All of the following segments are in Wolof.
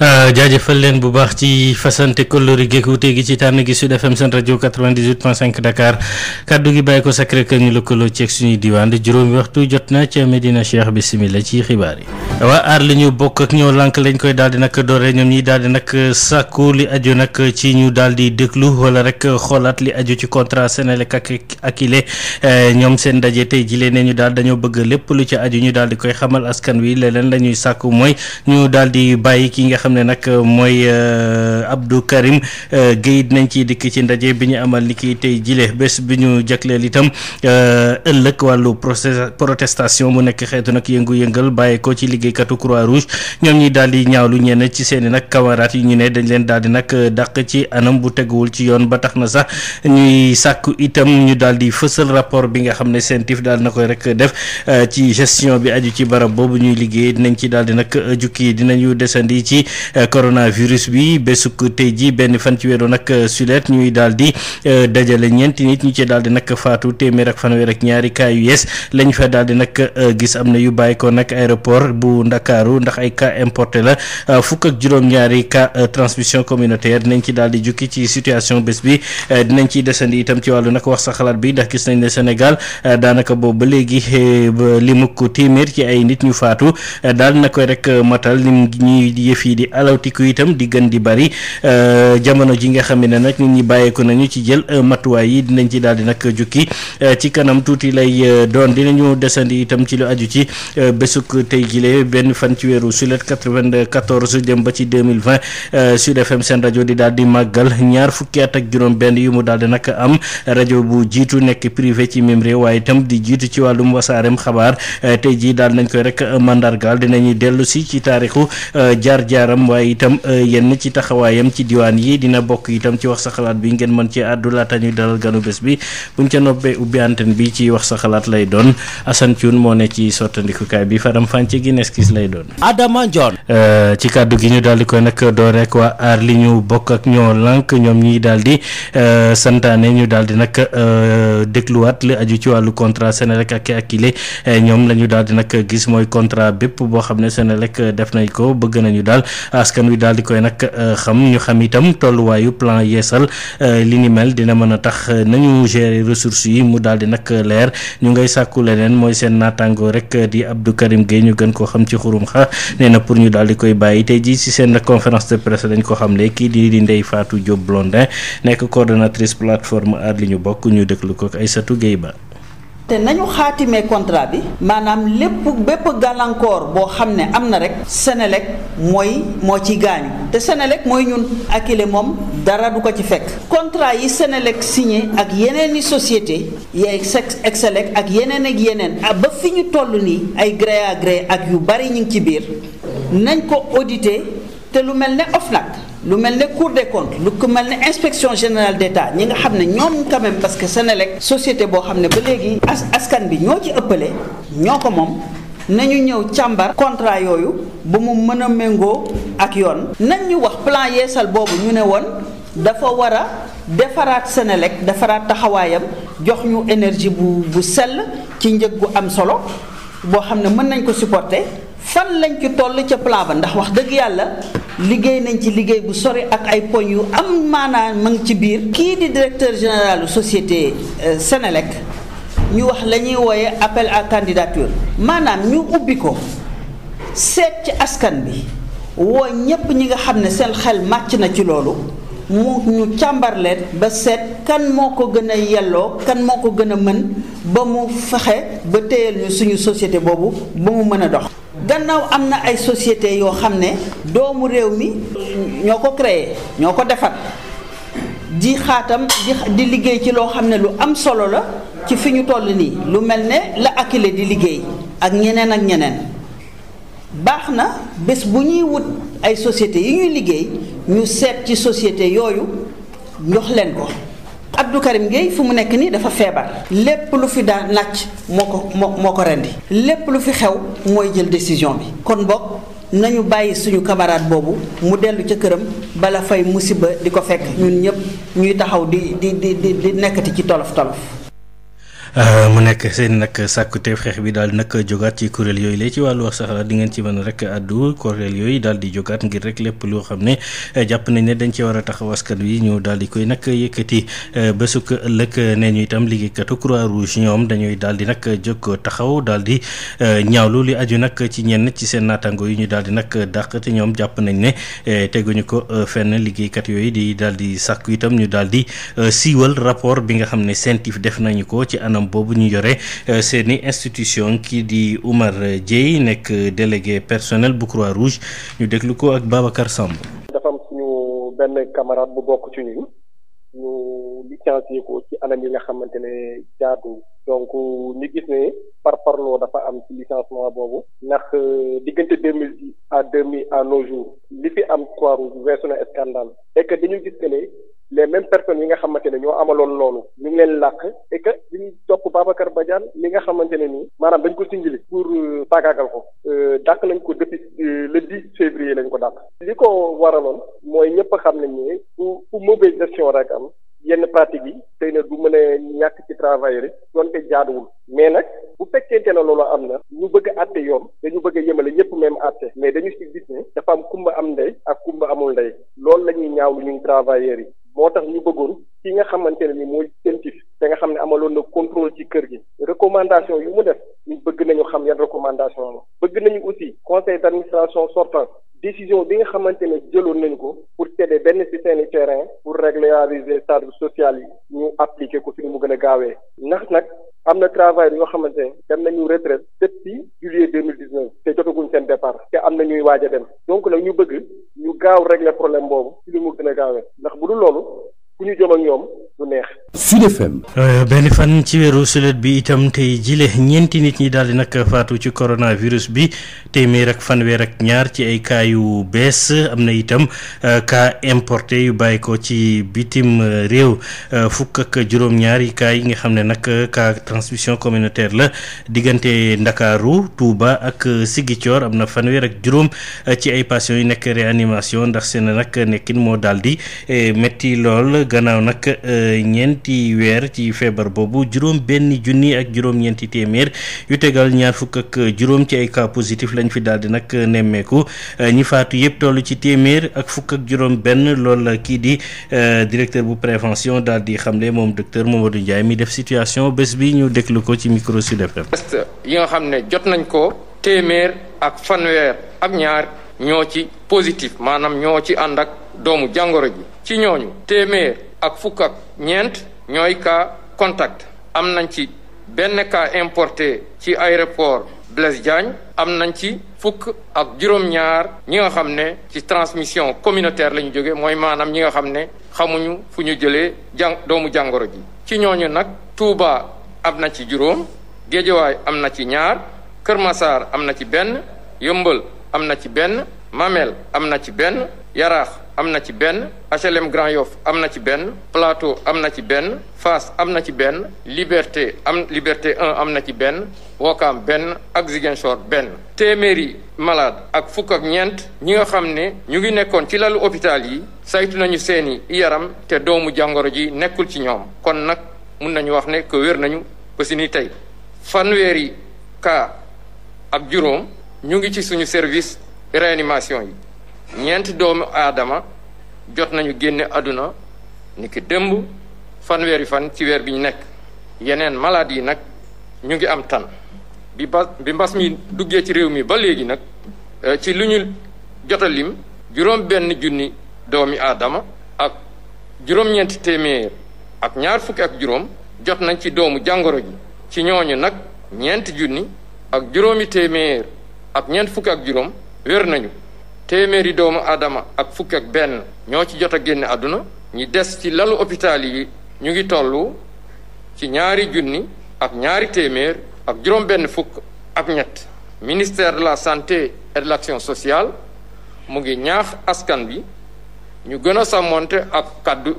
Euh, jaajëfal leen bu baax ci fasante kóllëre gi wuute gi ci tànn gi Sud FM seen rajo 98.5 Dakar kaddu gi bàyyi ko Sacré-Cœur ñu lëkkaloo ci ak suñuy diwaan di juróomi waxtu jot na ca Medina Cheikh bisimilah ci xibaar yi. waa aar li ñu bokk ak ñoo lànk lañ koy daal di nag doore ñoom ñi daal di nag sàkku li aju nag ci ñu daal di déglu wala rek xoolaat li aju ci contrat Senelec ak ak ile eh, ñoom seen daje tey ji lee ne ñu daal dañoo bëgg lépp lu ci aju ñu daal di koy xamal askan wi leneen la ñuy sàkku mooy ñu daal di bàyyi ki nga xam ne nag mooy eh, Abdou Karim eh, Guèye dinañ ci dikk ci ndaje bi ñu amal ni ki tey jile bés bi ñu jagleel itam ëllëg wàllu procé protestation mu nekk xeetu nag yëngu-yëngal bàyyi ko ci liggéey liggéeykatu croix rouge ñoom ñi daal di ñaawlu ñenn ci seen i nag camarades yi ñu ne dañ leen daal di dàq ci anam bu teguwul ci yoon ba tax na sax ñuy sàkku itam ñu daal di fësal rapport bi nga xam ne CENTIF daal na koy rek def euh, ci gestion bi aju ci barab boobu ñuy liggéey dinañ ci daal di nag jukki dinañu desandi ci euh, coronavirus bi bésuk tey ji benn fan ci weeru nag sulet ñuy daal di euh, dajale ñeenti nit ñu ci daal di faatu téeméer ak fanweer ak ñaari cas lañ fa daal di gis am na yu bàyyi ko nag aéroport bu ndakaaru ndax ay cas importé la euh, fukk ak juróom-ñaari cas euh, transmission communautaire dinañ ci daal di jukki ci situation bés bi euh, dinañ ciy desandi itam ci wàllu nag wax sa xalaat bi ndax gis nañ ne Sénégal daanaka boobu ba léegi li mukk téeméer ci ay nit ñu faatu daal na koy rek matal lim ñuy yëf yi di alawtiku itam di gën di bari jamono ji nga xam ne nag nit ñi bàyyeeku nañu ci jël matuwaay yi dinañ ci daal di nag jukki ci kanam dinañu desandi itam ci lu aju ci bésuk tey jile benn fan ci weeru sulet 94 jëm ba ci 2020 euh, seen rajo di daal di màggal ñaar fukki at ak juróom-benn yu mu daal di nag am rajo bu jiitu nekk privé ci même réew waaye itam di jiitu ci wàllum wasaarem xabaar euh, tey jii daal nañ koy rek euh, mandargaal dinañuy dellu si ci taarixu jaar-jaaram waaye itam yenn ci taxawaayam ci diwaan yi dina bokk itam ci wax sa xalaat bi ngeen mën ci àddu laata ñuy dalal ganu bés bi buñ ca noppee ubbi antenne ci wax sa xalaat lay doon esquisse lay doon. Adama Ndione. Euh, ci kàddu gi ñu daal di koy nag doon rek waa aar li ñu bokk ak ñoo lànk ñoom ñi daal di euh, santaane ñu daal di nag euh, dégluwaat li aju ci wàllu contrat Senelec ak ak kile ñoom la ñu daal di nag gis mooy contrat bépp boo xam ne Senelec def nañ ko bëgg nañu daal askan wi daal di koy nag xam ñu xam itam tolluwaayu plan yeesal li ni mel dina mën a tax nañu gérer ressources yi mu daal di nag leer ñu ngay sàkku leneen mooy seen naataango rek di Abdou Karim Gueye ñu gën koo xam. xam ci xurum xa nee na pour ñu daal di koy bàyyi tey jii ci seen conférence de presse dañ ko xamle kii di di Ndeye Fatou Diop Blondin nekk coordonnatrice plateforme aar li ñu bokk ñu déglu ko ay satu Gueye Ba te nañu xaatime contrat bi maanaam lépp bépp gàllankoor boo xam ne am na rek Senelec mooy moo ci gaañu te Senelec mooy ñun Akilee moom dara du ko ci fekk contrat yi Senelec signé ak yeneen i société yeeg Excelec ak yeneen ak yeneen ah ba fi ñu toll nii ay gré à gré ak yu bari ñu ngi ci biir nañ ko audité te lu mel ne OFNAC lu mel ne cour des lu ko mel ne inspection générale d'État ñi nga xam ne ñoom quand même parce que Senelec société boo xam ne ba léegi as askan bi ñoo ci ëppale ñoo ko moom nañu ñëw càmbar contrat yooyu ba mu mën a méngoo ak yoon nañ ñu wax plan yeesal boobu ñu ne woon dafa war a defaraat Senelec defaraat taxawaayam jox ñu énergie bu bu sell ci njëg gu am solo boo xam ne mën nañ ko supporter fan lañ ci toll ca plan ba ndax wax dëgg yàlla liggéey nañ ci liggéey bu sori ak ay poñ yu am maanaam ma ci biir kii di directeur général société euh, senelek ñu wax la ñuy wooye appel à candidature maanaam ñu ubbi ko seet ci askan bi woo ñépp ñi nga xam ne seen xel màcc na ci loolu mu ñu càmbar leen ba seet kan moo ko gën a yelloo kan moo ko gën a mën ba mu fexe ba téyal ñu suñu société boobu ba mu mën a dox gannaaw am na ay société yoo xam ne doomu réew mi ñoo ko créer ñoo ko defar di xaatam di liggéey ci loo xam ne lu am solo la ci fi ñu toll nii lu mel ne la Akilee di liggéey ak ñeneen ak ñeneen baax na bés bu ñuy wut ay société yi ñuy liggéey ñu seet ci société yooyu jox leen ko Abdou Karim Gueye fu mu nekk nii dafa feebar lépp lu fi daa nàcc moo ko moo moo ko rendi lépp lu fi xew mooy jël décision bi kon boog nañu bàyyi suñu camarade boobu mu dellu ca këram bala fay musiba di ko fekk ñun ñëpp ñuy taxaw di di di di nekkati ci tolof tolof Euh, mu nekk seen nag sàkkute xeex bi daal nag jógaat ci kuréel yooyu la ci wàllu wax sax di ngeen ci mën rek addu kuréel yooyu daal di jógaat ngir rek lépp loo xam ne euh, jàpp nañ ne dañ ci war a taxaw askan wi daal di koy nag yëkkati euh, bésuk ëllëg nee ñu itam liggéeykatu croix rouge ñoom dañuy daal di nag taxaw daal di ñaawlu li aju nag ci ñenn ci seen naataango yi ñu daal di nag dàq ñoom jàpp nañ ne teguñu ko fenn liggéeykat yooyu di daal di sàkku itam ñu daal di siiwal rapport bi nga xam ne CENTIF def nañu ko ci anam anam boobu ñu yore euh, seen i institution kii di Oumar Dieye nekk délégué personnel bu Croix-Rouge ñu déglu ko ak Babacar Samb. dafa am suñu benn camarade bu bokk ci ñun ñu licencié ko ci anam yi nga xamante ne jaadu donc ñu gis ne par parloo dafa am ci boobu ndax euh, diggante deux mille dix à deux mille à nos jours li fi am Croix-Rouge weesu na scandale et dañu gis que ne les même personnes yi nga xamante ne ñoo amaloon loolu ñu ngi leen làkk et que li ñu topp Babacar Badiane li nga xamante ne nii maanaam dañ ko singili pour euh, faagaagal ko euh, dàq lañ ko depuis euh, le 10 février lañ ko dàq li ko waraloon mooy ñëpp xam nañ ne pour pour mauvaise gestion rek am yenn pratique yi tey na du mën a ñàkk ci travailleurs yi doonte jaaduwul mais nag bu fekkee ne loolu am na ñu bëgg a àtte yoon dañu bëgg a yemale ñëpp même àtte mais dañu si gis ne dafa am kumba am ndey ak kumba amul ndey loolu la ñuy ñaaw lu ñuy travailleurs yi moo tax ñu bëggoon ki nga xamante ne ni mooy sentif te nga xam ne amaloon na contrôle ci kër gi recommandation yu mu def ñu bëgg nañu xam yan recommandation la bëgg nañu aussi conseil d'administration sortant décision bi nga xamante ne jëloon nañu ko pour céder benn ci seeni terrain pour régulariser cadre social yi ñu appliquer ko fi mu gën a gaawee nax nag am na travail yoo xamante ne dem nañu retraite depuis juillet deux mille dix neuf te jotaguñ seen départ te am na ñuy waaj a dem donc nag ñu bëgg ñu gaaw régler problème boobu ci li mu gën a gaawee ndax bu dul loolu ku ñu jëm ak euh, benn fan ci weeru sulet bi itam tey jile ñeenti nit ñi daal di nag faatu ci coronavirus bi téeméer ak fanweer ak ñaar ci ay kaa yu bees am na itam euh, cas importe yu bàyyi ko ci bitim euh, réew fukk ak juróom-ñaar yi cas yi nga xam ne nag cas transmission communautaire la diggante Ndakaaru Touba ak Ziguinchor am na fanweer ak juróom ci ay patients yu nekk réanimation ndax seen nag nekkin moo daal di lool. gannaaw nag eh, ñeenti weer ci feebar boobu juróom benn junni ak juróom-ñeenti téeméer yu tegal ñaar fukk ak juróom ci ay cas positif lañ fi daal di nag nemmeeku eh, ñi faatu yëpp tollu ci téeméer ak fukk ak juróom-benn lool kii di eh, directeur bu prévention daal di xamle moom docteur Mamadou Ndiaye mi def situation bés bi ñu déglu ko ci micro Sud FM. test yi nga xam ne jot nañ ko téeméer ak fanweer ak ñaar ñoo ci positif maanaam ñoo ci ànd ak doomu jàngoro ji. ci ñooñu téeméer ak fukk ak ñeent ñooy cas contact am nañ ci benn cas importé ci aéroport Blaise Diagne am nañ ci fukk ak juróom-ñaar ñi nga xam ne ci transmission communautaire la ñu jóge mooy maanaam ñi nga xam ne xamuñu fu ñu jëlee jàng doomu jàngoro ji ci ñooñu nag Touba am na ci juróom géejewaay am na ci ñaar Kër Masaar am na ci benn Yëmbal am na ci benn Mamel am na ci benn Yaraax am na ci benn HLM Grand Yoff am na ci benn Plateau am na ci benn Fass am na ci benn Liberté am Liberté 1 am na ci benn Wokam benn ak Ziguinchor benn téeméeri malade ak fukk ak ñeent ñi nga xam ne ñu ngi nekkoon ci lalu hôpital yi saytu nañu seeni yaram te doomu jàngoro ji nekkul ci ñoom kon nag mun nañu wax ne que wér nañu ba ni tey fanweeri cas ak juróom ñu ngi ci suñu service réanimation yi ñeenti doomu aadama jot nañu génne àdduna ki dëmb fanweeri fan ci weer bi ñu nekk yeneen maladi yi nag ñu ngi am tan bi bas bi mbas mi duggee ci réew mi ba léegi nag euh, ci lu ñu jot a lim juróom benn junni doomi aadama ak juróom-ñeenti téeméer ak ñaar fukki ak juróom jot nañ ci doomu jàngoro ji ci ñooñu nag ñeenti junni ak juróomi téeméer ak ñeent fukki ak juróom wér nañu téeméeri doomu aadama ak fukk ak benn ñoo ci jot a génn àdduna ñi des ci lalu hôpital yi ñu ngi tollu ci ñaari junni ak ñaari téeméer ak juróom benn fukk ak ñett ministère de la santé et de l'action sociale mu ngi ñaax askan bi ñu gën a sàmmonte ak kàddu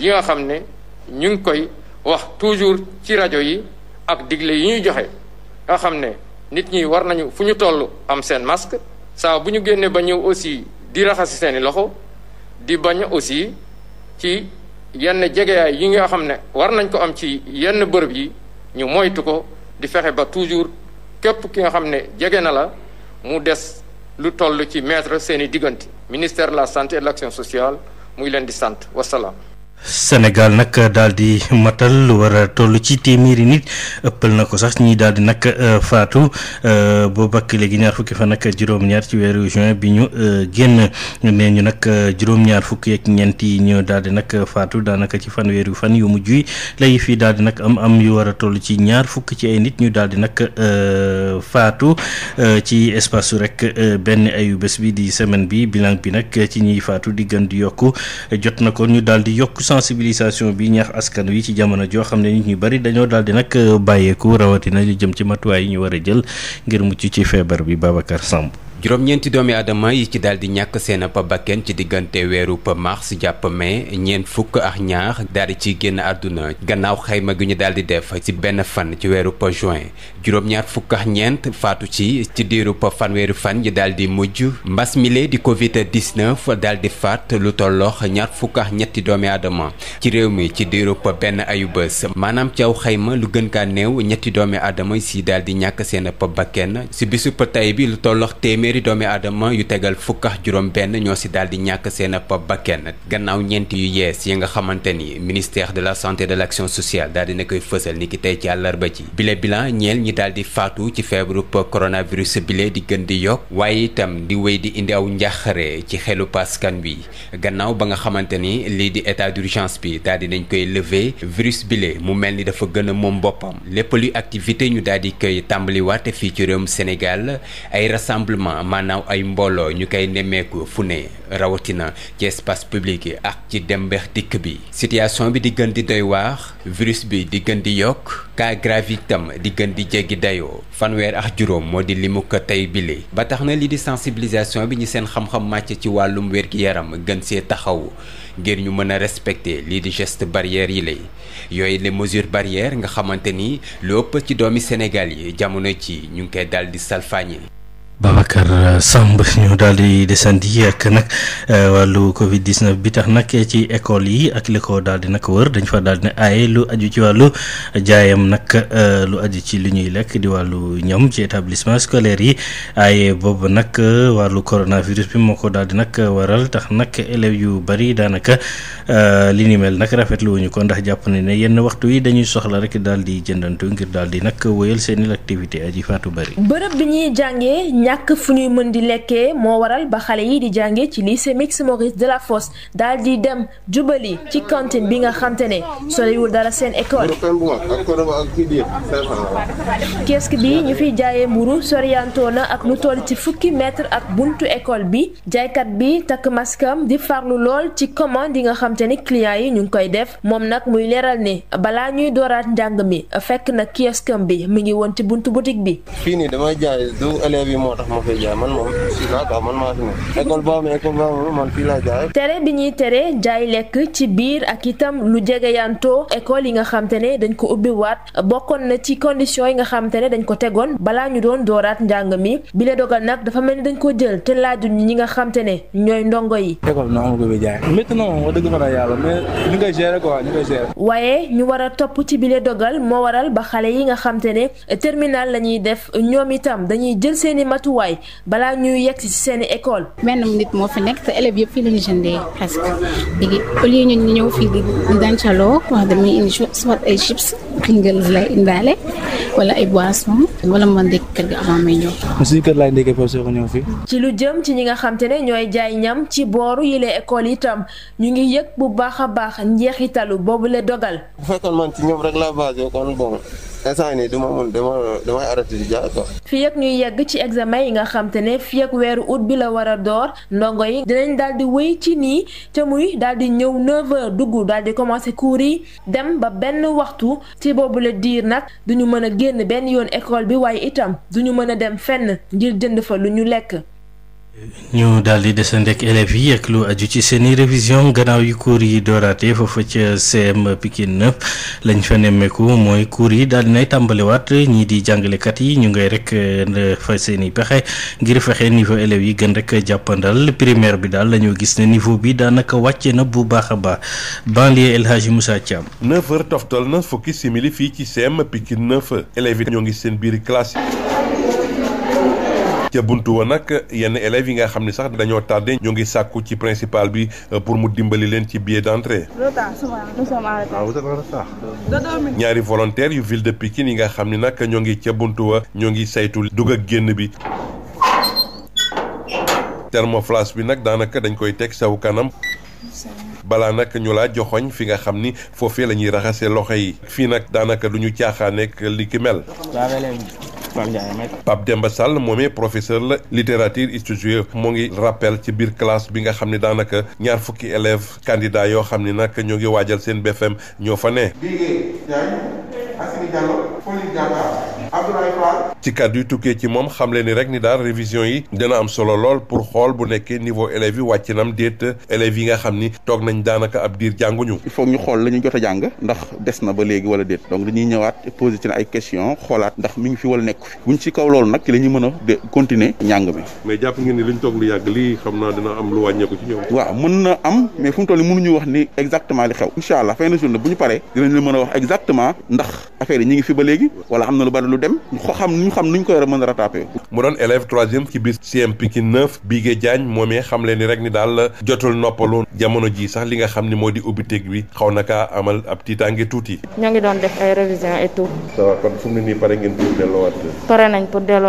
yi nga xam ne ñu ngi koy wax toujours ci rajo yi ak digle yi ñuy joxe nga xam ne nit ñi war nañu fu ñu toll am seen masque saa bu ñu génnee ba ñëw aussi di raxasi seeni loxo di bañ aussi ci yenn jegeyaay yi nga xam ne war nañ ko am ci yenn bërëb yi ñu moytu ko di fexe ba toujours képp ki nga xam ne jege na la mu des lu toll ci mètre seeni diggante ministère la santé et de l'action sociale muy leen di sant wasalaam Sénégal nag daal di matal lu war a toll ci téeméeri nit ëppal na ko sax ñii daal di nag euh, faatu euh, boobak léegi ñaar fukki fan ak juróom-ñaar ci weeru juin bi ñu euh, génn nee ñu nag juróom-ñaar fukki ak ñeenti yi ñu daal di nag faatu daanaka ci fan weeru fan yu mujj yi lay fii daal di nag am am yu war a toll ci ñaar fukk ci nit ñu daal di nag faatu ci espace su rek benn ayu bés bi di semaine bi bilan bi nag ci ñiy faatu di gën di yokku jot na ko ñu daal di yokk sensibilisation bi ñax askan wi ci jamono joo xam ne nit ñu bari dañoo daal di nag euh, rawatina li jëm ci matuwaay yi ñu war a jël ngir mucc ci feebar bi Babacar Samb. juróom-ñeenti doomi aadama yi ci daal di ñàkk seen pa bakken ci diggante weeru pa mars jàpp mais ñeent fukk ak ñaar daal di ciy génn àdduna gannaaw xayma gi ñu daal di def ci benn fan ci weeru pa juin juróom-ñaar fukk ak ñeent faatu ci ci diiru pa fanweeri fan yi daal di mujj mbas mile di covid 19 daal di faat lu tollox ñaar fukk ak ñetti doomi aadama ci réew mi ci diiru pa benn ayu ayubés maanaam ci aw xayma lu gën kaa neew ñetti doomi aadama si daal di ñàkk seen pa téeméeri doomi aadama yu tegal fukk juróom benn ñoo si daal di ñàkk seen ab bakken gannaaw ñeenti yu yees yi nga xamante ni ministère de la santé de laction action sociale daal di na koy fësal ni ki tey ci àllarba ci bile bilan ñeel ñi daal di faatu ci feebaru coronavirus bile di gën di yokk waaye itam di wéy di indi aw njaaxare ci xelu paskan bi gannaaw ba nga xamante ni lii di état d' urgence bi daal di nañ koy lever virus bile mu mel ni dafa gën a moom boppam lépp luy activité ñu daal di koy tàmbaliwaat fii ci réewum Sénégal maanaam ay mbooloo ñu koy nemmeeku fu ne rawatina ci espace public yi ak ci dem beex dikk bi situation bi di gën di doy waax virus bi di gën di yokk cas grave di gën di jéggi dayoo fanweer ak juróom moo di limu tey bile ba tax na lii di sensibilisation bi ñu seen xam-xam màcc ci wàllum wér-gi-yaram gën see taxaw ngir ñu mën a respecter lii di geste barrière yi lay yooyu les mesures barrières nga xamante ni lu ëpp ci doomi Sénégal yi jamono ci ñu ngi koy daal di salfaañe Babacar Samb ñu daal di desandi ak nag eh, wàllu Covid 19 bi tax nag ci école yi ak li ko daal di nag wër dañu fa daldi di ne aaye lu aju ci wàllu jaayam nag eh, lu aju ci li ñuy lekk di wàllu ñoom ci établissement scolaire yi aaye bob nag eh, wàllu coronavirus bi moo ko daal di nag waral tax nag élèves yu bari daanaka li ni mel nag rafetlu ko ndax jàpp na ne yenn waxtu yi dañuy soxla rek daal di jëndantu ngir daal di nag wëyal seen activité aji faatu bari. ñàkk fu ñuy mën di lekkee moo waral ba xale yi di jàngee ci lycée Mix Maurice Delafosse daal di dem jubali ci kantine bi nga xamte ne solewul dara seen école. kiosque bi ñu fiy jaayee mburu soriantoo na ak lu toll ci fukki metre ak buntu école bi jaaykat bi takk maskam di farlu lool ci commande yi nga xamte ni clients yi ñu ngi koy def moom nag muy leeral ne balaa ñuy dooraat njàng mi fekk na kiosque bi mu ngi woon ci buntu boutique bi. ma fay jaay man moom fii laa quoi tere bi ñuy tere jaay lekk ci biir ak itam lu jegeyantoo école yi nga xam ne dañ ko ubbi waat bokkoon na ci condition yi nga xam ne dañ ko tegoon balaa ñu doon dooraat njàng mi bi la dogal nag dafa mel ni dañ ko jël te laajuñ ñi nga xam te ñooy ndongo yi. école bi noo ko bëgg jaay. métti na dëgg fa na yàlla mais ñu koy gérer quoi ñu ñu war topp ci bile dogal moo waral ba xale yi nga xam ne terminal la ñuy def ñoom itam dañuy jël seeni mat matuwaay balaa ñuy yegg ci seeni école. benn nit moo fi nekk te élèves yëpp fii la ñu jëndee presque léegi au ñu ñëw fii di dancaloo wax damay indi soit ay chips Pringles lay indaale wala ay boissons wala ma ndékki kër ga avant may ñëw. suñu kër laay ndékkee pare soo ko ñëw fii. ci lu jëm ci ñi nga xam te ne ñooy jaay ñam ci booru yile école itam ñu ngi yëg bu baax a baax njeexitalu boobu la dogal. bu fekkoon man ci ñoom rek laa basé kon bon. instant yii nii du yegg ci examen yi nga xam ne fii weeru août bi la war a door ndongo yi dinañ daal di wéy ci nii ca muy daal di ñëw 9h dugg daal di commencé cours yi dem ba benn waxtu ci boobu la diir nag duñu ñu mën a génn benn yoon école bi waaye itam du ñu mën a dem fenn ngir jënd fa lu ñu lekk. ñu daal di desandeek élèves yi ak lu aju ci seeni révision gannaaw yi cours yi dooraate foofa ca CM Pikine 9 lañ fa nemmeeku mooy cours yi daal di nay tàmbaliwaat ñii di jàngalekat yi ñu ngay rek eh, fa seeni pexe ngir fexe niveau élèves yi gën rek jàppandal primaire bi daal la gis ne niveau bi daanaka wàcce na bu baax a baax banlieue El Hadji Moussa Thiam. 9h toftal na fukki simili fii ci CM Pikine 9 élèves yi ñoo ngi seen biir classe. ca buntu wa nag yenn élèves yi nga xam ne sax dañoo tardé ñu ngi sàkku ci principal bi euh, pour mu dimbali leen ci billet d'entrée ah, ñaari volontaires yu ville de Pikine yi nga xam ni nag ñoo ngi ca buntu wa ñoo ngi saytu dugg ak génn bi thermoflash bi nag daanaka dañ koy teg saw kanam balaa nag ñu laa joxoñ fi nga xam ni foofee la ñuy raxasee loxo yi fii nag daanaka duñu ñu nekk li ki mel Pape Demba Sall moomee professeur la littérature institut moo ngi rappel ci biir classe bi nga xam ne daanaka ñaar fukki élèves candidats yoo xam ne nag ñoo ngi waajal seen BFM ñoo fa ne. Abdoulaye Fall. ci kàddu yu tukkee ci moom xamle ni rek ni daal révision yi dina am solo lool pour xool bu nekkee niveau élèves yi wàcc nam déet élèves yi nga xam ni toog nañ daanaka ab diir jànguñu. il faut ñu xool la ñu jot a jàng ndax des na ba léegi wala déet donc dañuy ñëwaat posé ci ay question xoolaat ndax mi ngi fi wala nekk fi buñ ci kaw loolu nag ci la mën a de continuer njàng mi. mais jàpp ngeen ni liñ toog lu yàgg lii xam naa dina am lu wàññeeku ci ñoom. waaw mën na am mais fu mu wax ni exactement li xew incha bu ñu paree dinañ la a wax dem xam xam nuñ koy mën a rattrapé doon élève troisième ci bis CM Pikine 9 Bigué Diagne ni rek ni daal jotul noppalu jamono ji sax li nga xam ni moo di ubbiteeg bi xaw na ka amal ab tiitaange tuuti. ñoo ngi doon def ay révision et tout. ça va kon fu mu ne pare nañ pour delloo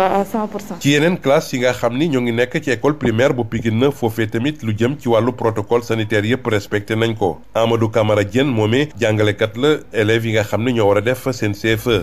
ci yeneen classe yi nga xam ni ñoo ngi nekk ci école primaire bu Pikine 9 foofee tamit lu jëm ci wàllu protocole sanitaire yëpp respecté nañ ko Amadou Camara Diène moomee jàngalekat la élèves yi nga xam ne ñoo war a def seen CFE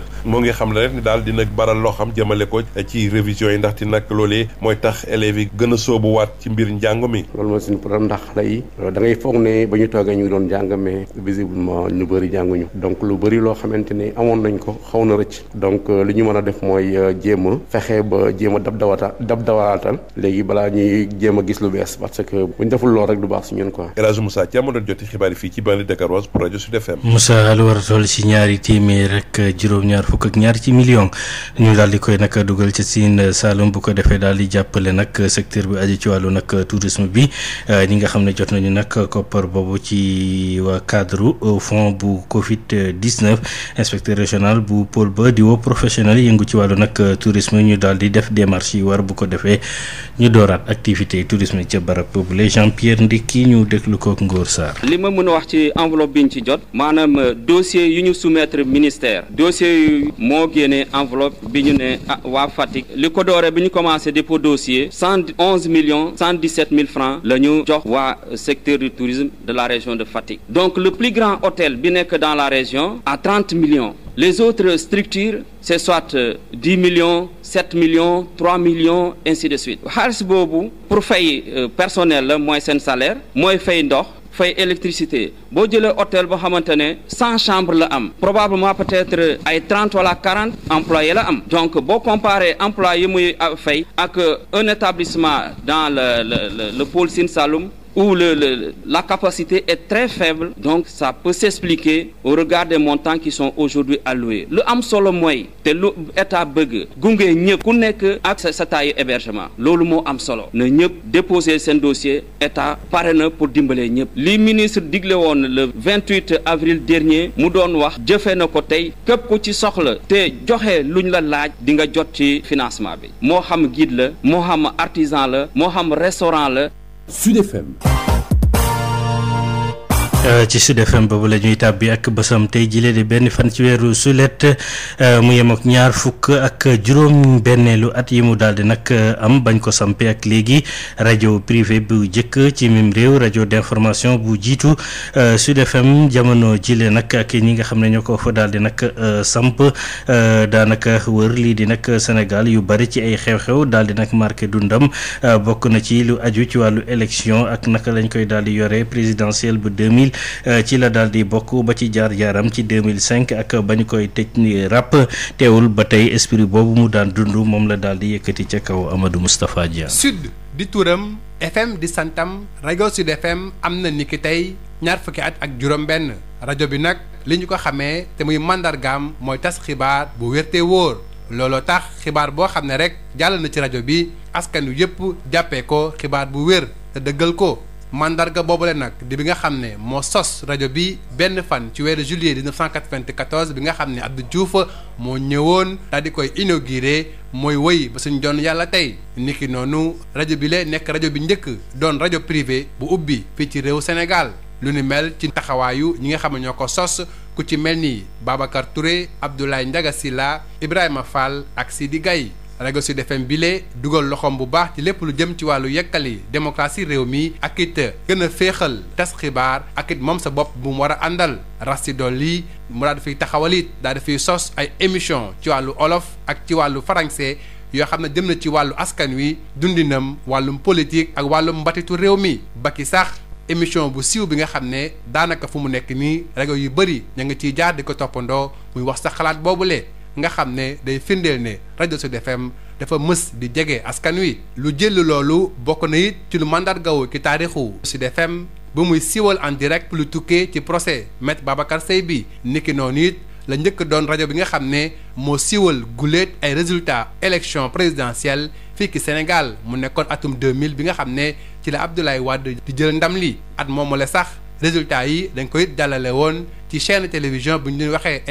dina baral loo xam jëmale ko ci révision yi ndaxte nag loolee mooy tax élèves yi gën a soobuwaat ci mbir njàng mi loolu ma suñu problème ndax xale yi da ngay foog ne ba ñu toogee ñu ngi doon jàng mais visiblement ñu bëri jànguñu donc lu bëri loo xamante ne amoon nañ ko xaw na rëcc donc li ñu mën a def mooy euh, jéem a fexe ba jéem a dab dawata dab dawalaatal léegi balaa ñuy jéem a gis lu bees parce que buñ deful lool rek du baax si ñun quoi El Hadj Moussa Thiam doon joti xibaar yi fii ci bande Dakaroise pour rajo Sud FM lu war a si ñaari téeméer rek juróom-ñaar fukk ak ñaar ci million ñu daal di koy nag dugal ci Sine Saloum bu ko defee daal di jàppale nag secteur bi aju ci wàllu nag tourisme bi euh, ñi nga xam ne jot nañu nag koppar boobu ci waa cadre fond bu Covid 19 inspecteur régional bu pôle ba di woo professionnel yëngu ci wàllu nag tourisme ñu daal di def démarche yi war bu ko defee ñu dooraat activité tourisme ca barab boobule Jean Pierre Ndikki ñu déglu ko Ngor Sarr. li ma mën a wax ci enveloppe bi ñu ci jot maanaam euh, dossier yu ministère enveloppe bi ñu ne ah waa Fatick li ko doore bi ñu commencé dépôt dossier cent onze millions cent dix sept mille francs la ñu jox waa secteur du tourisme de la région de Fatick donc le plus grand bi nekk dans la région à trente millions les autres structures c'est soit euh, dix millions sept millions trois millions ainsi de suite xaalis boobu pour fay euh, personnel la mooy seen salaire mooy fay ndox fay électricité boo jëlee hôtel boo xamante ne cent chambres la am probablement peut-être ay trente wala quarante employés la am donc boo comparé employés yi a fay ak un établissement dans le le le, le pôle Sine Saloum où le, le, la capacité est très faible donc ça peut s'expliquer au regard des montants qui sont aujourd'hui alloués lu am solo mooy te lu état bëgg gunge ñëpp ku nekk ak sa taayu hébergement loolu moo am solo na ñëpp déposer seen dossier état pare na pour dimbalee ñëpp li ministre digle woon le 28 avril dernier mu doon wax jëfee na ko tey képp ku ci soxla te joxe luñ la laaj di nga jot ci financement bi moo xam guide la moo xam artisan la moo xam restaurant la Sud FM. Euh, ci Sud FM boobu la ñuy tàbbi ak bësam tey jile di benn fan ci weeru sulet euh, mu yem ak ñaar fukk ak juróom benneelu at yi mu daal di nag euh, am bañ ko sampe ak léegi rajo privé bu jëkk ci mim réew rajo d'information bu jiitu Sud FM jamono jile nag ak ni nga xam ne ñoo ko fa daal di nag samp daanaka wër lii di nag Sénégal yu bari ci ay xew-xew daal di nag marqué dundam bokk na ci lu aju ci wàllu élection ak naka lañ koy daal di yore présidentielle bu 2000 Euh, ci la daal di bokk ba ci jaar-jaaram ci 2005 ak ba ñu koy tëj ni ràpp teewul ba tey esprit boobu mu daan dund moom la daal di yëkkati ca kaw amadu Moustapha Dia. Sud di turam FM di santam rajo Sud FM am na ni ki tey ñaar fukki at ak juróom-benn rajo bi nag li ñu ko xamee te muy màndargaam mooy tas xibaar bu wérte wóor. looloo tax xibaar boo xam ne rek jàll na ci rajo bi askan wi yëpp jàppee ko xibaar bu wér te dëggal ko mandarga boobule nag di bi nga xam ne moo sos rajo bi benn fan ci weeru juillet 1994 bi nga xam ne Abdou Diouf moo ñëwoon daal di koy inauguré mooy woy ba suñ doon yàlla tey niki noonu rajo bi lay nekk rajo bi njëkk doon rajo privé bu ubbi fii ci réew Sénégal lu ni mel ci taxawaayu ñi nga xam ne ñoo ko sos ku ci mel ni Babacar Touré Abdoulaye Ndiaga Sylla Ibrahima Fall ak di gay rajo Sud FM bile dugal loxoom bu baax ci lépp lu jëm ci wàllu yekkali démocratie réew mii ak it gën a féexal tas xibaar akit moom sa bopp bu mu war a àndal ras ci dool lii mu daal di fiy taxawalit daal di sos ay émission ci wàllu olof ak ci wàllu français yoo xam ne jëm na ci wàllu askan wi dundinam wàllum politique ak wàllum mbatitu réew mi ba ki sax émission bu siiw bi nga xam ne daanaka fu mu nekk nii rago yu bëri ña ngi ciy jaar di ko toppandoo muy wax sa xalaat boobule. nga xam ne day firndeel ne rajo Sud FM dafa mës di jege askan wi. lu jël loolu bokk na it ci lu mandargaw ki taarixu Sud FM ba muy siiwal en direct lu tukkee ci procès maître Babacar Seye bi niki noonu it. la njëkk doon rajo bi nga xam ne moo siiwal guléet ay résultats élection présidentielle fii ci Sénégal mu nekkoon atum 2000 bi nga xam ne ci la Abdoulaye Wade di jël ndam li at moomu la sax résultats yi dañ koy dalale woon ci chaîne télévision bi ñu waxee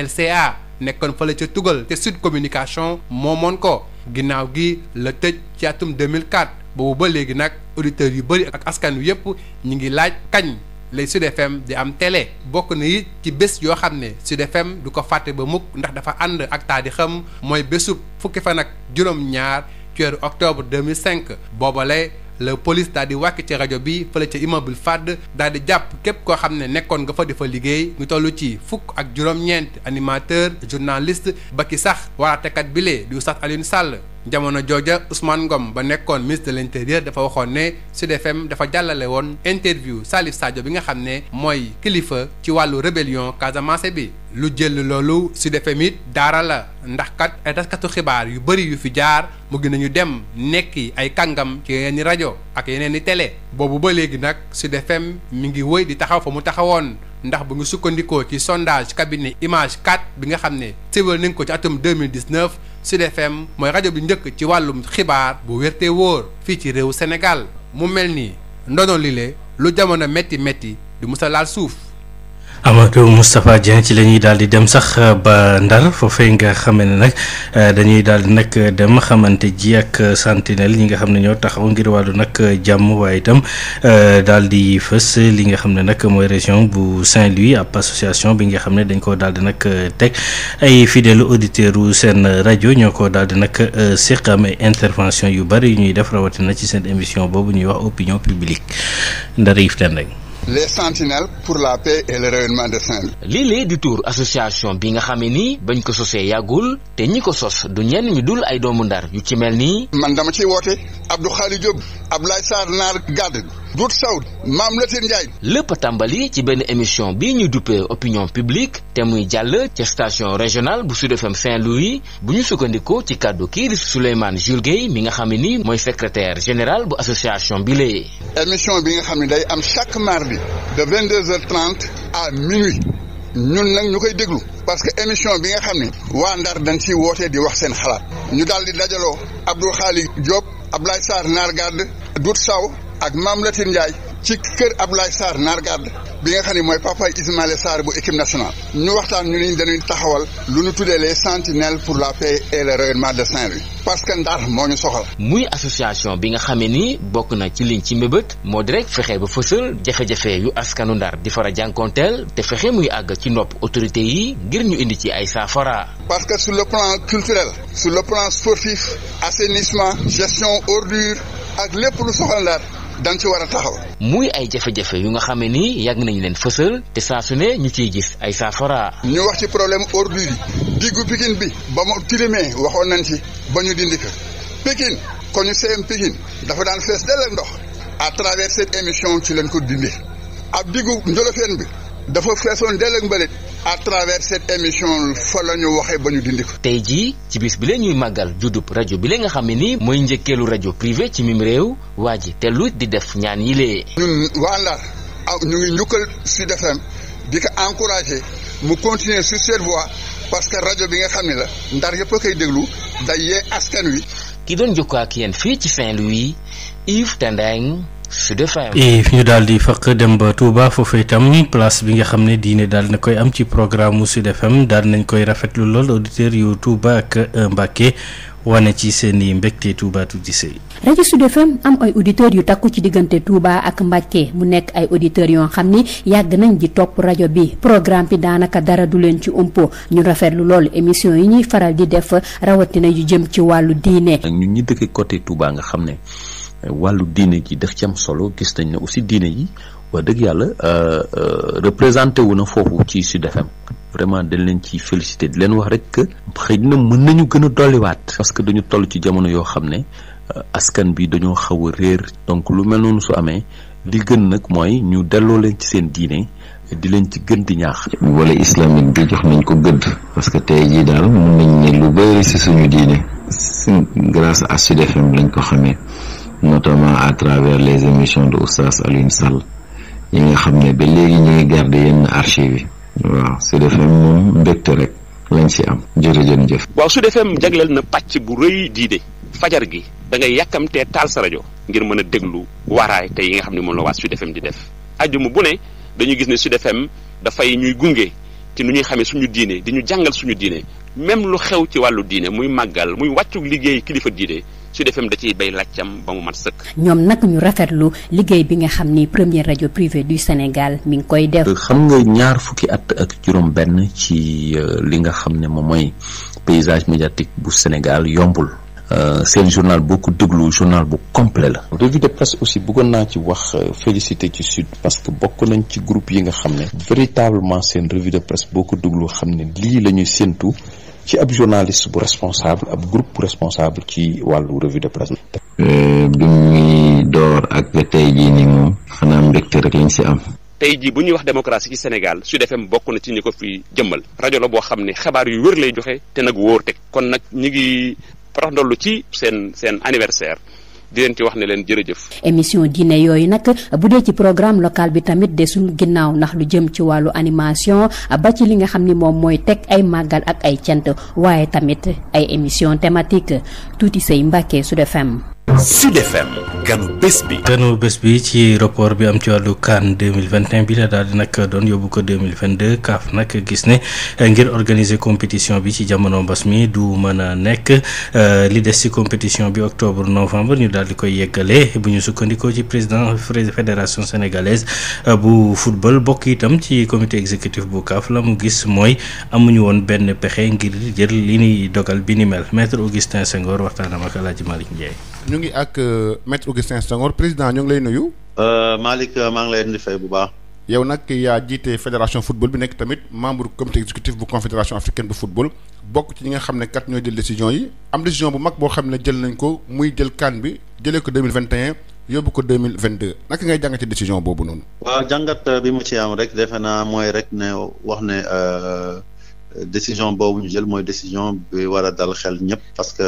nekkoon fële ca tugal te Sud Communication moo moon ko ginnaaw gi la tëj ci atum 2004 boobu ba léegi nag auditeurs yu bëri ak askan wi yëpp ñu ngi laaj kañ lay Sud FM di am tele bokk na it ci bés yoo xam ne Sud FM du ko fàtte ba mukk ndax dafa ànd ak taa di xam mooy bésu fukki fan ak juróom-ñaar ci weeru octobre 2005 boobale la police daal di wàcc ci rajo bi fële ca immeuble Fàdd daal di jàpp képp koo xam ne nekkoon nga fa di fa liggéey ñu toll ci fukk ak juróom-ñeent animateur journaliste ba ki sax waaraatekat bile di Oustaz Alioune sàll jamono jooja usmaan Ngom ba nekkoon ministre de l'intérieur dafa waxoon ne Sud FM dafa jàllale woon interview Salif Sadio bi nga xam ne mooy kilifa ci wàllu rébellion Casamance bi lu jël loolu Sud FM it daara la ndax kat ay taskatu xibaar yu bëri yu fi jaar mu gi ñu dem nekki ay kàngam ci yeneen i rajo ak yeneen i tele boobu ba léegi nag Sud FM mi ngi wëy di taxaw fa mu taxawoon ndax bu ngi sukkandikoo ci sondage cabinet image 4 bi nga xam ne siiwal nañ ko ci atum 2019 Sud FM mooy rajo bi njëkk ci wàllum xibaar bu wér te wóor fii ci réew senegal mu mel ni ndono lile lu jamono métti métti du musa laal suuf. ak Moustapha Dieng ci la ñuy daal di dem sax euh, ba Ndar foofee nga xamee ne nag euh, dañuy daal di nag dem xamante ji ak sentinelle ñi nga xam ne ñoo taxaw ngir wàllu nag jàmm waaye itam euh, daal di fës li nga xam ne nag mooy région bu Saint-Louis ab association bi nga xam ne dañ koo daal di teg ay fidèles auditeurs u seen rajo ñoo ko daal di nag seq am ay intervention yu bari yu ñuy def rawatina ci seen émission boobu ñuy wax opinion publique Ndar Yves Tendeng les sentinelles pour la paix et de Saint-Louis. lii di tour association bi nga xamee ni bañ ko sosee yàggul te ñi ko sos du ñenn ñu dul ay doomu ndar yu ci mel nii. man dama ci woote Abdou Khali Diop Abdoulaye Sarr Naar Gade Dout Saw Maam Latir Ndiaye. lépp tàmbali ci benn émission bii ñu duppee opinion publique te muy jàll ca station régionale bu Sud FM Saint-Louis bu ñu sukkandikoo ci kàddu kii di Souleymane Jules Guèye mi nga xam ne nii mooy secrétaire général bu association bi lee. émission bi nga xam ne day am chaque mardi de 22h30 à minuit. ñun nag ñu koy déglu parce que émission bi nga xam ne waa Ndar dañ ciy wootee di wax seen xalaat ñu daal di dajaloo Abdou Khali Diop Abdoulaye Sarr Nargad Dout Saw ak Mame Latine Ndiaye ci kër Ablaye Sarr Nargade bi nga xam ne mooy papa Ismaïla Sarr bu équipe nationale ñu waxtaan ñu ni dañuy taxawal lu ñu tuddee les sentinelles pour la paix et le rayonnement de Saint-Louis parce que Ndar moo ñu soxal. muy association bi nga xamee ni bokk na ci liñ ci mbébét moo di fexe ba fësal jafe-jafe yu askanu Ndar di fara jànkoonteel te fexe muy àgg ci nopp autorité yi ngir ñu indi ci ay saafara. parce que sur le plan culturel sur le plan sportif assainissement gestion ordure ak lépp lu dañ ci war a taxaw. muy ay jafe-jafe yu nga xamee ni yàgg nañu leen fësal te saa su ne ñu ciy gis ay saafara. ñu wax ci problème ordure yi diggu Pikine bi ba mu tilimee waxoon nañ ci ba ñu dindi ko Pikine ko ñu CM dafa daan fees dell ak ndox à travers cette émission ci leen ko dindi ab diggu Njolofeen bi. dafa feesoon del ak mbalit à travers cette émission fa la ñu waxee ba ñu dindi ko. tey jii ci bis bi la ñuy màggal juddub rajo bi la nga xam ne nii mooy njëkkeelu rajo privé ci mim réew waa ji te lu di def ñaan yi lee. ñun waa Ndar ah, ñu ngi njukkal Sud FM di ko encouragé mu continuer sur cette voie parce que rajo bi nga xam ne la Ndar yëpp a koy déglu day yee askan wi. ki doon jokkoo ak yéen fii ci Saint-Louis Yves Tendeng. et ñu daal di faq dem ba Touba foofu itam place bi nga xam ne diine daal na koy am ci programme mu Sud FM daal nañ koy rafetlu lool auditeurs yu Touba ak euh, Mbacke wane ci seen i mbégte Touba Tuuti Sey. rajo am ay auditeurs yu takku ci diggante Touba ak Mbacke mu nekk ay auditeurs yoo xam ni yàgg nañ di topp rajo bi programme bi daanaka dara du leen ci umpo ñu rafetlu lool émission yi ñuy faral di def rawatina yu jëm ci wàllu diine. ñun ñu dëkk côté Touba nga xam ne. wàllu diine ji daf ci am solo gis nañ ne aussi diine yi wax dëgg yàlla euh, euh, représenté wu na foofu ci Sud FM vraiment dañ leen ci félicité di leen wax rek que xëy na mën nañu gën a dolliwaat. parce que dañu toll ci jamono yoo xam ne euh, askan bi dañoo xaw a réer donc lu mel noonu su amee li gën nag mooy ñu delloo leen ci seen diine di leen ci gën di ñaax. wala islamique bi jox nañ ko gëdd. parce que te jii daal mun nañ ne lu bëri si suñu diine. grâce à Sud lañ ko xamee. notamment à travers les émissions de Oustaz Alioune Sall yi nga xam ne ba léegi ñu ngi garder yenn archives yi waaw Sud moom mbégte rek lañ ci am jërëjën jëf waaw Sud FM jagleel na pàcc bu rëy diide fajar gi dangay ngay yàkkamtee taal sa rajo ngir mën a déglu waaraay te yi nga xam ne moom la waa Sud FM di def ajjuma bu ne dañu gis ne Sud dafay ñuy gunge ci nu ñuy xamee suñu diine di ñu jàngal suñu diine même lu xew ci wàllu diine muy màggal muy wàccu liggéey kilifa diine Sud FM da ciy bay laccam ba mu mat sëkk. ñoom nag ñu rafetlu liggéey bi nga xam ni première rajo privée du Sénégal mi ngi koy def. xam nga ñaar fukki at ak juróom-benn ci euh, li nga xam ne moom mooy paysage médiatique bu Sénégal yombul. Euh, seen journal boo ko déglu journal bu complet la. revue de presse aussi bëggoon naa ci wax euh, félicité ci sud parce que bokk nañ ci groupe yi nga xam ne. véritablement seen revue de presse boo ko déglu xam ne lii la ñuy séentu. ci ab journaliste bu responsable ab groupe bu responsable ci wàllu revue de presse. bi euh, door ak tey jii nii moom xanaa mbégte rek lañ si am. tey jii bu ñuy wax démocratie ci Sénégal Sud FM bokk na ci ñi ko fi jëmmal rajo la boo xam ne xabaar yu wër lay joxe te nag wóor teg kon nag ñi ngi parax ndollu ci seen seen anniversaire. di leen ci wax na leen jërëjëf. émission diine yooyu nag bu dee ci programme local bi tamit suñu ginnaaw ndax lu jëm ci wàllu animation ba ci li nga xam ni moom mooy teg ay màggal ak ay cant waaye tamit ay émission thématique tuuti say su Sud FM Sud de ganu bés bi. ganu bés bi ci rapport bi am ci wàllu CAN 2021 bi la daal di nag doon yóbbu ko 2022 kaaf nag gis ne eh, ngir organiser compétition bi ci jamono mbas mi du mën a nekk eh, li des ci compétition bi octobre novembre ñu daal di koy yeggale bu ñu sukkandikoo ci président fédération sénégalaise eh, bu football bokk itam ci comité exécutif bu kaaf la mu gis mooy amuñu woon benn pexe ngir jël li ni dogal bi ni mel maître Augustin Senghor waxtaan ak Alaaji Malick Ndiaye. ñu ngi ak euh, maître Augustin Senghor président ñu ngi lay nuyu. Euh, Malick euh, maa ngi lay indi fay bu baax. yow nag yaa jiite fédération football bi nekk tamit membre comité exécutif bu confédération africaine bu football bokk ci ñi nga xam ne kat ñooy jël décision yi am décision bu mag boo xam ne jël nañ ko muy jël kan bi jëlee ko deux mille vingt et un yóbbu ko deux mille vingt deux naka ngay jàngat ci décision boobu noonu. waaw jàngat bi ma ci am rek defe mooy rek ne wax ne. décision boobu ñu jël mooy décision bi war dal xel ñëpp parce que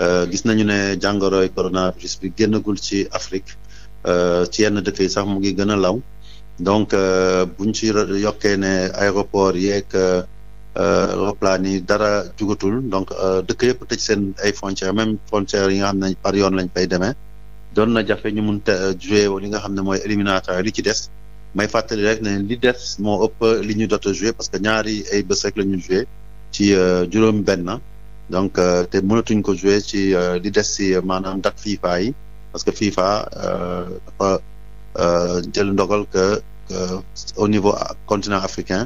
euh, gis nañu ne jàngoroy coronavirus bi génnagul ci Afrique euh, ci yenn dëkk yi sax mu ngi gën a law donc euh, buñ ci yokkee ne aéroport yeeg roplaan yi dara jugatul donc dëkk yëpp tëj seen ay frontières même frontières yi nga xam ne par yoon lañ fay demee doon na jafe ñu mun te jouer li nga xam ne mooy éliminatoire li ci des may fàttali rek ne li des moo ëpp li ñu jot a parce que ñaari ay bés rek la ñu joué ci euh, juróom benn donc euh, te mënatuñ ko joué ci euh, li des si maanaam date FIFA yi parce que FIFA dafa jël ndogal que au niveau continent africain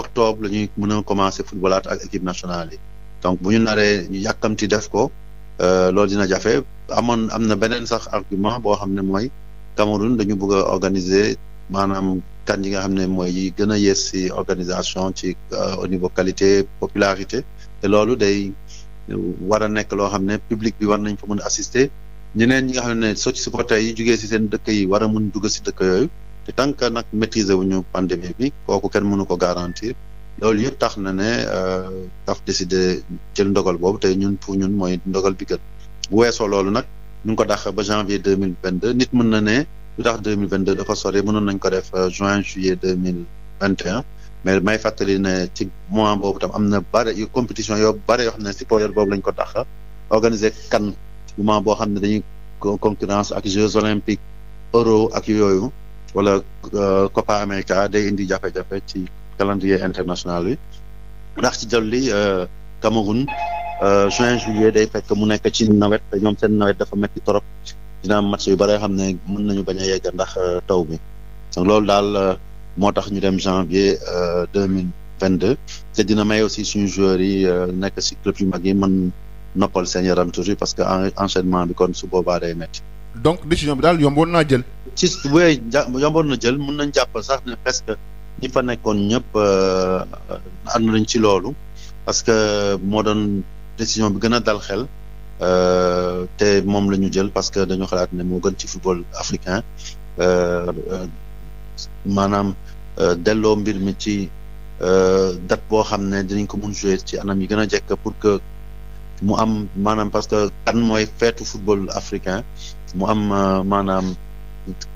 octobre la ñuy mën a commencé footballaat ak équipe nationale yi donc bu ñu naree ñu yàkkamti def ko loolu dina jafe amoon am na beneen sax argument boo xam ne mooy Cameroun dañu bëgg organiser maanaam kan yi nga xam ne mooy gën a yees si organisation ci euh, au niveau qualité popularité te loolu day war a nekk loo xam ne public bi war nañ fa mën a assister ñeneen ñi nga xam ne soo ci supporter yi jugee si seen dëkk yi war a mun dugg si dëkk yooyu te tant que nag maîtriser wuñu pandémie bi kooku kenn mënu ko garantir loolu yëpp tax na ne euh, daf décider jël ndogal boobu te ñun pour ñun mooy ndogal bi gën bu weesoo loolu nag ñu ngi ko dax ba janvier deux mille vingt deux nit mën na ne lu tax deux mille vingt deux dafa ko def euh, juin juillet deux mais may fàttali ne ci moment boobu tam am na bare yu compétition yoo bare yoo xam ne si période boobu lañ ko dàq organiser kan moment boo xam ne dañuy concurrence ak Jeux olympiques euro ak yooyu wala euh, Copa America day indi jafe-jafe ci calendrier international bi ndax ci jàll li euh, Euh, juin juillet day fekk mu nekk ci nawet te ñoom seen nawet dafa métti trop dina am match yu bare xam ne mën nañu bañ a yegg ndax euh, taw bi loolu daal euh, moo tax ñu dem janvier deux mille vingt deux te dina may aussi suñu joueurs yi nekk si mag yi mën noppal seen yaram parce que enchaînement bi kon su boobaa day métti. donc décision bi daal yomboon naa jël. ci wéy ja yomboon na jël mën nañ jàppal sax ne presque ñi fa nekkoon ñëpp ànd nañ ci loolu parce que moo doon. décision bi gën a dal xel euh, te moom la ñu jël parce que dañu xalaat ne moo gën ci football africain euh, euh, maanaam delloo mbir mi ci date boo xam ne dinañ ko mun jouer ci anam yi gën a jekk pour que mu am maanaam parce que an mooy feetu football africain mu am maanaam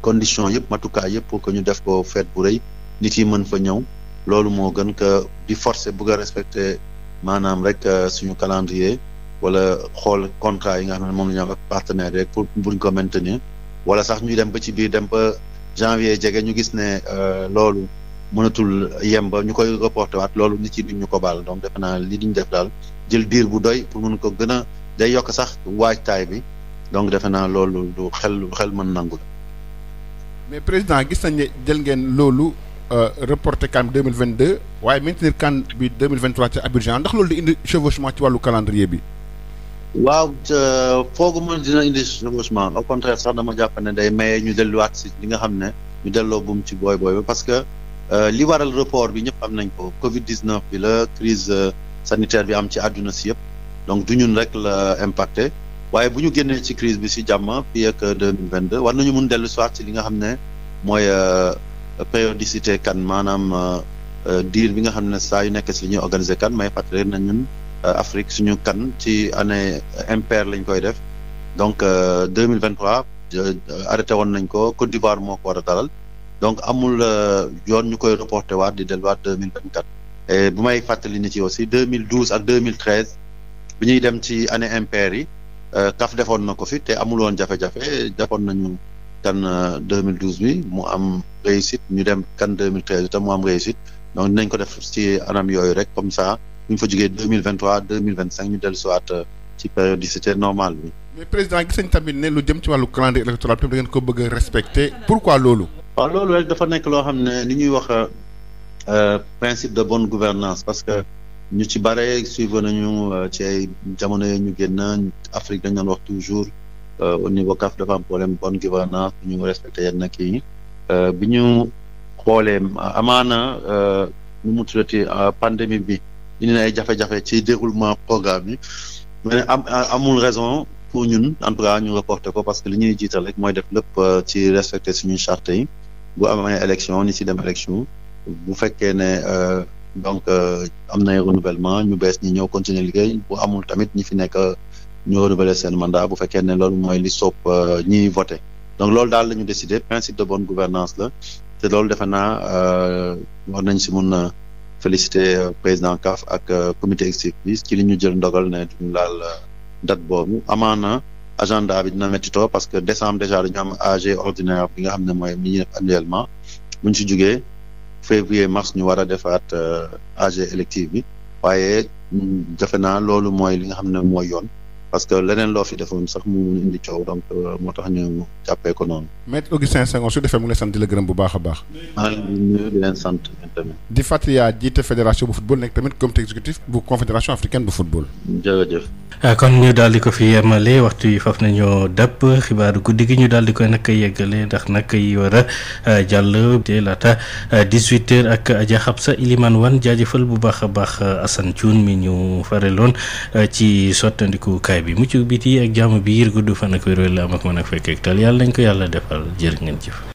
condition yëpp matukaay yëpp pour que ñu def ko feet bu rëy nit yi mën fa ñëw loolu moo gën ko di force bëgg respecte maanaam rek euh, suñu calendrier wala xool contrat yi nga xam ne moom la ñu am ak partenaire rek pour buñ ko maintenir wala sax ñuy dem ba ci biir dem ba janvier jege ñu gis ne euh, loolu mënatul yemba ñu koy reporté waat loolu nit yi duñ ñu ko baal donc defe naa li duñ def daal jël biir bu doy pour mën ko gën a day yokk sax waajtaay bi donc defe naa loolu lu xel xel mën nangu la mais président gis nañ ne ngeen loolu Euh, reporter CAN bi deux mille vingt deux waaye maintenir CAN bi deux mille vingt trois ci Abidjan ndax loolu di indi chevauchement ci wàllu calendrier bi. waaw fooguma dina indi chevauchement au contraire sax dama jàpp ne day maye ñu delluwaat si li nga xam ne ñu delloo buum ci booy booy parce que euh, li waral report bi ñëpp am nañ ko Covid dix neuf bi la crise euh, sanitaire bi am ci àdduna si yëpp donc du ñun rek la impacté waaye bu ñu génnee ci crise bi si jàmm fii ak deux mille war nañu mun dellu si li nga xam ne mooy. périodicité kan maanaam euh, euh, diir bi nga xam ne saa yu nekk si li ñuy organiser kan may fàttali na ñun euh, Afrique suñu kan ci année impaire lañ koy def donc deux mille vingt trois arrêté woon nañ ko Côte d'Ivoire moo ko war a dalal donc amul yoon ñu koy reporté waat di delluwaat deux mille vingt quatre et bu may fàttali nit yi aussi deux mille douze ak deux mille treize bi ñuy dem ci année impaire yi CAF defoon na ko fi te amul woon jafe-jafe defoon nañu. kan 2012 euh, bi mu am réussite ñu dem kan 2013 itam mu am réussite donc dinañ ko def ci anam yooyu rek comme ça bu ñu fa jógee 2023 2025 ñu dellu siwaat euh, ci périodicité normale bi. mais président gis nañ tamit ne lu dem ci wàllu calendrier électoral bi da ngeen ko bëgg a respecter pourquoi loolu. waaw loolu rek dafa nekk loo xam ne li ñuy wax euh, principe de bonne gouvernance parce que ñu ci bare suivre nañu ci ay jamono yi ñu génn Afrique dañ doon wax toujours. Euh, au niveau CAF dafa am problème bonne gouvernance ñu respecté yenn kii yi euh, bi ñu xoolee amaana euh, nu mu tuddati pandémie bi indi na ay jafe-jafe ci déroulement programme yi mais am amul raison pour ñun en tout cas ñu reporté ko parce que li ñuy jiital rek mooy def lépp ci respecté suñu charte yi bu amee élection ni si dem élection bu fekkee ne donc am na nay renouvellement ñu bees ñu ñëw continuer liggéey bu amul tamit ñu fi nekk ñu renouveler seen mandat bu fekkee ne loolu mooy li soob euh, ñiy voté donc loolu daal la ñu décidé principe de bonne gouvernance la te loolu defe naa euh, war nañ si mun a féliciter euh, président CAF ak comité exécutif ci li ñu jël ndogal ne duñu laal date boobu amaana agenda bi dina méttitoo parce que décembre déjà dañu am AG ordinaire bi nga xam ne mooy mi ñuy def annuellement bu ñu si jugee février mars ñu war a defaat AG élective bi waaye mm, defe naa loolu mooy li nga xam ne mooy yoon parce que leneen loo fi defoon sax mu mun indi coow donc euh, moo tax ñu jàppee ko noonu. maître Augustin Senghor su defee mu ngi sant di la gërëm bu baax a baax. di leen sant di fàttali yaa jiite fédération bu football nekk tamit comité exécutif bu confédération africaine bu football. jërëjëf. Ah, kon ñu daal di ko fi yemale waxtu yi faf nañoo dàpp xibaaru guddi gi ñu daal di koy nag yeggale ndax nag yi war a ah, jàll te laata ah, dix huit heures ak Adja Xabsa Iliman Wan jaajëfal bu baax a baax Assane Thioune mi ñu faraloon ci sottandiku kaay bi mucc biti ak jàmm bi yër gudd fan ak wér-wér la am ak mën ak fekk ak tal yàlla nañ ko yàlla defal jërë ngeen jëf.